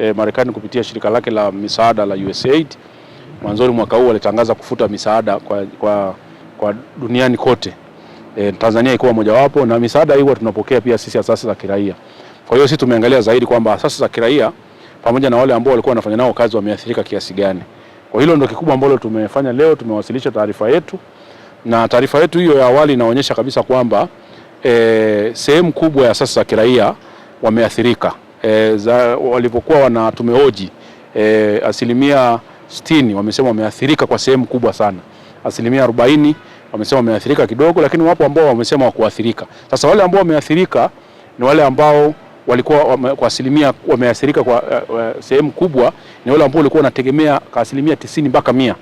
e, Marekani kupitia shirika lake la misaada la USAID mwanzoni mwaka huu walitangaza kufuta misaada kwa, kwa, kwa duniani kote e, Tanzania ilikuwa mojawapo na misaada hiyo tunapokea pia sisi asasi za kiraia. Kwa hiyo sisi tumeangalia zaidi kwamba asasi za kiraia pamoja na wale ambao walikuwa wanafanya nao kazi wameathirika kiasi gani. Kwa hilo ndio kikubwa ambalo tumefanya leo, tumewasilisha taarifa yetu na taarifa yetu hiyo ya awali inaonyesha kabisa kwamba e, sehemu kubwa ya asasi za kiraia wameathirika e, za walivyokuwa wana tumeoji e, eh, asilimia sitini wamesema wameathirika kwa sehemu kubwa sana, asilimia arobaini wamesema wameathirika kidogo, lakini wapo ambao wamesema wakuathirika. Sasa wale ambao wameathirika ni wale ambao walikuwa wame, kwa asilimia wameathirika kwa uh, uh, sehemu kubwa ni wale ambao walikuwa wanategemea kwa asilimia tisini mpaka mia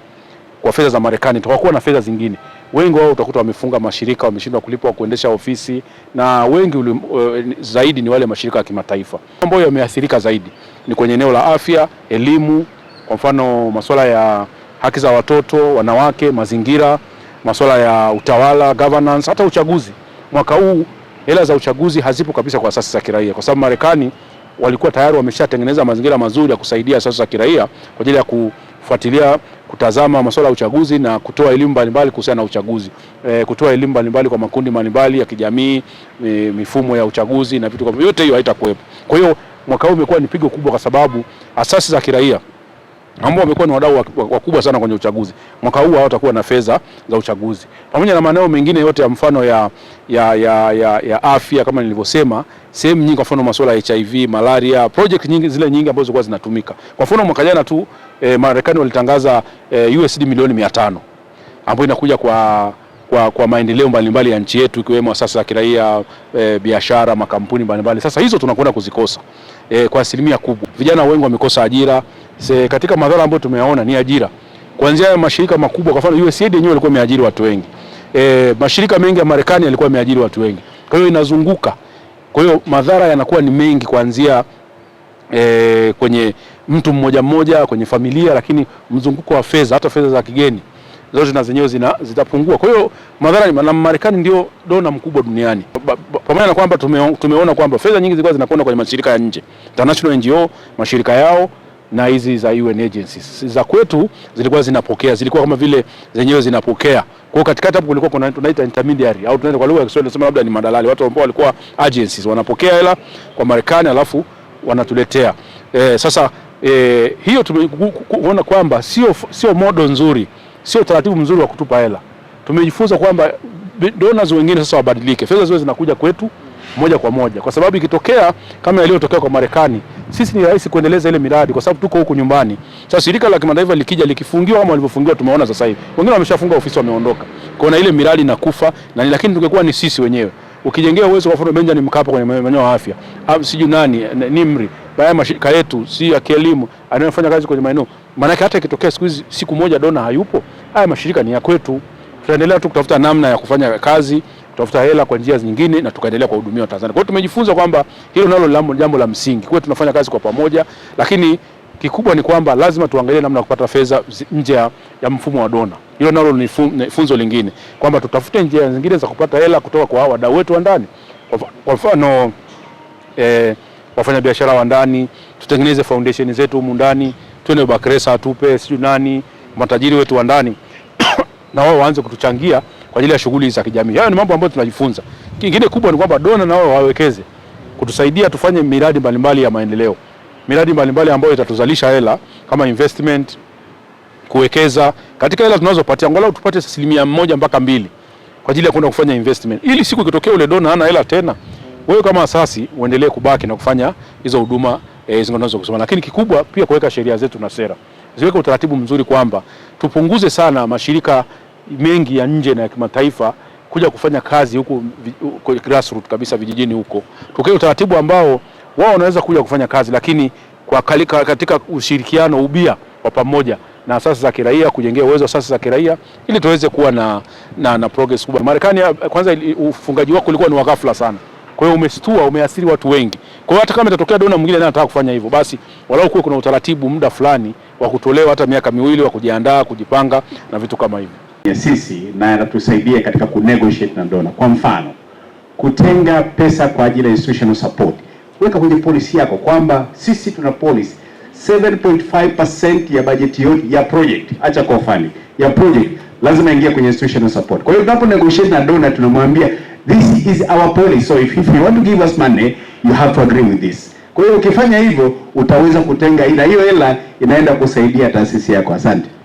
kwa fedha za Marekani, tutakuwa na fedha zingine. Wengi wao utakuta wamefunga mashirika, wameshindwa kulipwa kuendesha ofisi, na wengi uh, zaidi ni wale mashirika ya kimataifa ambayo yameathirika zaidi ni kwenye eneo la afya, elimu, kwa mfano masuala ya haki za watoto, wanawake, mazingira, masuala ya utawala, governance, hata uchaguzi. Mwaka huu hela za uchaguzi hazipo kabisa kwa asasi za kiraia, kwa sababu Marekani walikuwa tayari wameshatengeneza mazingira mazuri ya kusaidia asasi za kiraia kwa ajili ya kufuatilia kutazama masuala ya uchaguzi na kutoa elimu mbalimbali kuhusiana na uchaguzi e, kutoa elimu mbalimbali kwa makundi mbalimbali ya kijamii e, mifumo ya uchaguzi na vitu kama yote hiyo haitakuwepo. Kwa hiyo mwaka huu umekuwa ni pigo kubwa, kwa sababu asasi za kiraia ambao wamekuwa ni wadau wakubwa sana kwenye uchaguzi. Mwaka huu hawatakuwa na fedha za uchaguzi, pamoja na maeneo mengine yote ya mfano ya, ya, ya, ya, ya afya kama nilivyosema, sehemu nyingi, kwa mfano masuala ya HIV, malaria, project nyingi zile nyingi ambazo zilikuwa zinatumika. Kwa mfano mwaka jana tu eh, Marekani walitangaza eh, USD milioni 500 ambayo inakuja kwa kwa, kwa maendeleo mbalimbali ya nchi yetu ikiwemo sasa kiraia e, biashara, makampuni mbalimbali. Sasa hizo tunakwenda kuzikosa e, kwa asilimia kubwa. Vijana wengi wamekosa ajira se, katika madhara ambayo tumeyaona ni ajira, kuanzia mashirika makubwa. Kwa mfano USAID yenyewe ilikuwa imeajiri watu wengi e, mashirika mengi ya Marekani yalikuwa yameajiri watu wengi, kwa hiyo inazunguka. Kwa hiyo madhara yanakuwa ni mengi kuanzia e, kwenye mtu mmoja mmoja, kwenye familia, lakini mzunguko wa fedha, hata fedha za kigeni zote na zenyewe zitapungua. Kwa hiyo madhara ni na Marekani ndio dona mkubwa duniani, pamoja na kwamba tumeona kwamba fedha nyingi zilikuwa zinakwenda kwenye mashirika ya nje, international NGO, mashirika yao na hizi za UN agencies za kwetu zilikuwa zinapokea, zilikuwa kama vile zenyewe zinapokea. Kwa katikati hapo kulikuwa kuna tunaita intermediary au tunaita kwa lugha ya Kiswahili tunasema labda ni madalali, watu ambao walikuwa agencies wanapokea hela kwa Marekani alafu wanatuletea e. Sasa e, hiyo tumeona kwamba sio sio modo nzuri, sio taratibu mzuri wa kutupa hela. Tumejifunza kwamba donors wengine sasa wabadilike, fedha ziwe zinakuja kwetu moja kwa moja, kwa sababu ikitokea kama yaliyotokea kwa Marekani sisi ni rahisi kuendeleza ile miradi kwa sababu tuko huku nyumbani. Sasa shirika la kimataifa likija likifungiwa ama walivyofungiwa, tumeona sasa hivi wengine wameshafunga ofisi wameondoka, kwa ile miradi inakufa na, lakini tungekuwa ni sisi wenyewe ukijengea uwezo, wa mfano Benjamin Mkapa kwenye maeneo ya afya, au ah, siju nani Nimri, baya mashirika yetu si ya kielimu anayofanya kazi kwenye maeneo, maana yake hata ikitokea siku hizi siku moja dona hayupo, haya mashirika ni ya kwetu. Tutaendelea tu kutafuta namna ya kufanya kazi tutafuta hela kwa njia nyingine na tukaendelea kuwahudumia Watanzania. Kwa hiyo tumejifunza kwamba hilo nalo jambo la msingi. Kwa hiyo tunafanya kazi kwa pamoja, lakini kikubwa ni kwamba lazima tuangalie namna ya kupata fedha nje ya mfumo wa dona. Hilo nalo ni funzo lingine kwamba tutafute njia zingine za kupata hela kutoka kwa wadau wetu wa ndani, kwa mfano eh, wafanyabiashara wa ndani, tutengeneze foundation zetu humu ndani, tuende Bakresa atupe sijui nani, matajiri wetu wa ndani na wao waanze kutuchangia kwa ajili ya shughuli za kijamii. Hayo ni mambo ambayo tunajifunza. Kingine kubwa ni kwamba dona nao wawekeze kutusaidia tufanye miradi mbalimbali ya maendeleo, miradi mbalimbali ambayo itatuzalisha hela kama investment, kuwekeza katika hela tunazopatia, angalau tupate asilimia moja mpaka mbili kwa ajili ya kwenda kufanya investment, ili siku ikitokea ule dona hana hela tena, wewe kama asasi uendelee kubaki na kufanya hizo huduma e, eh, zinazo kusema. Lakini kikubwa pia kuweka sheria zetu na sera ziweke utaratibu mzuri kwamba tupunguze sana mashirika mengi ya nje na ya kimataifa kuja kufanya kazi huku grassroots kabisa vijijini huko, tukio utaratibu ambao wao wanaweza kuja kufanya kazi, lakini kwa kalika, katika ushirikiano ubia wa pamoja na asasi za kiraia kujengea uwezo wa asasi za kiraia ili tuweze kuwa na, na, na progress kubwa. Marekani ah, kwanza ufungaji wako ulikuwa ni wa ghafla sana, kwa hiyo umestua, umeathiri watu wengi. Kwa hiyo hata kama itatokea dona mwingine anataka kufanya hivyo, basi walau kuwe kuna utaratibu muda fulani wa kutolewa, hata miaka miwili wa kujiandaa, kujipanga na vitu kama hivyo kwenye sisi na yanatusaidia katika kunegotiate na dona. Kwa mfano, kutenga pesa kwa ajili ya institutional support, weka kwenye policy yako kwamba sisi tuna policy 7.5% ya budget yote ya project, acha kwa fani ya project lazima ingia kwenye institutional support. Kwa hiyo tunapo negotiate na dona tunamwambia this is our policy, so if, if you want to give us money you have to agree with this. Kwa hiyo ukifanya hivyo utaweza kutenga ila hiyo hela inaenda kusaidia taasisi yako. Asante.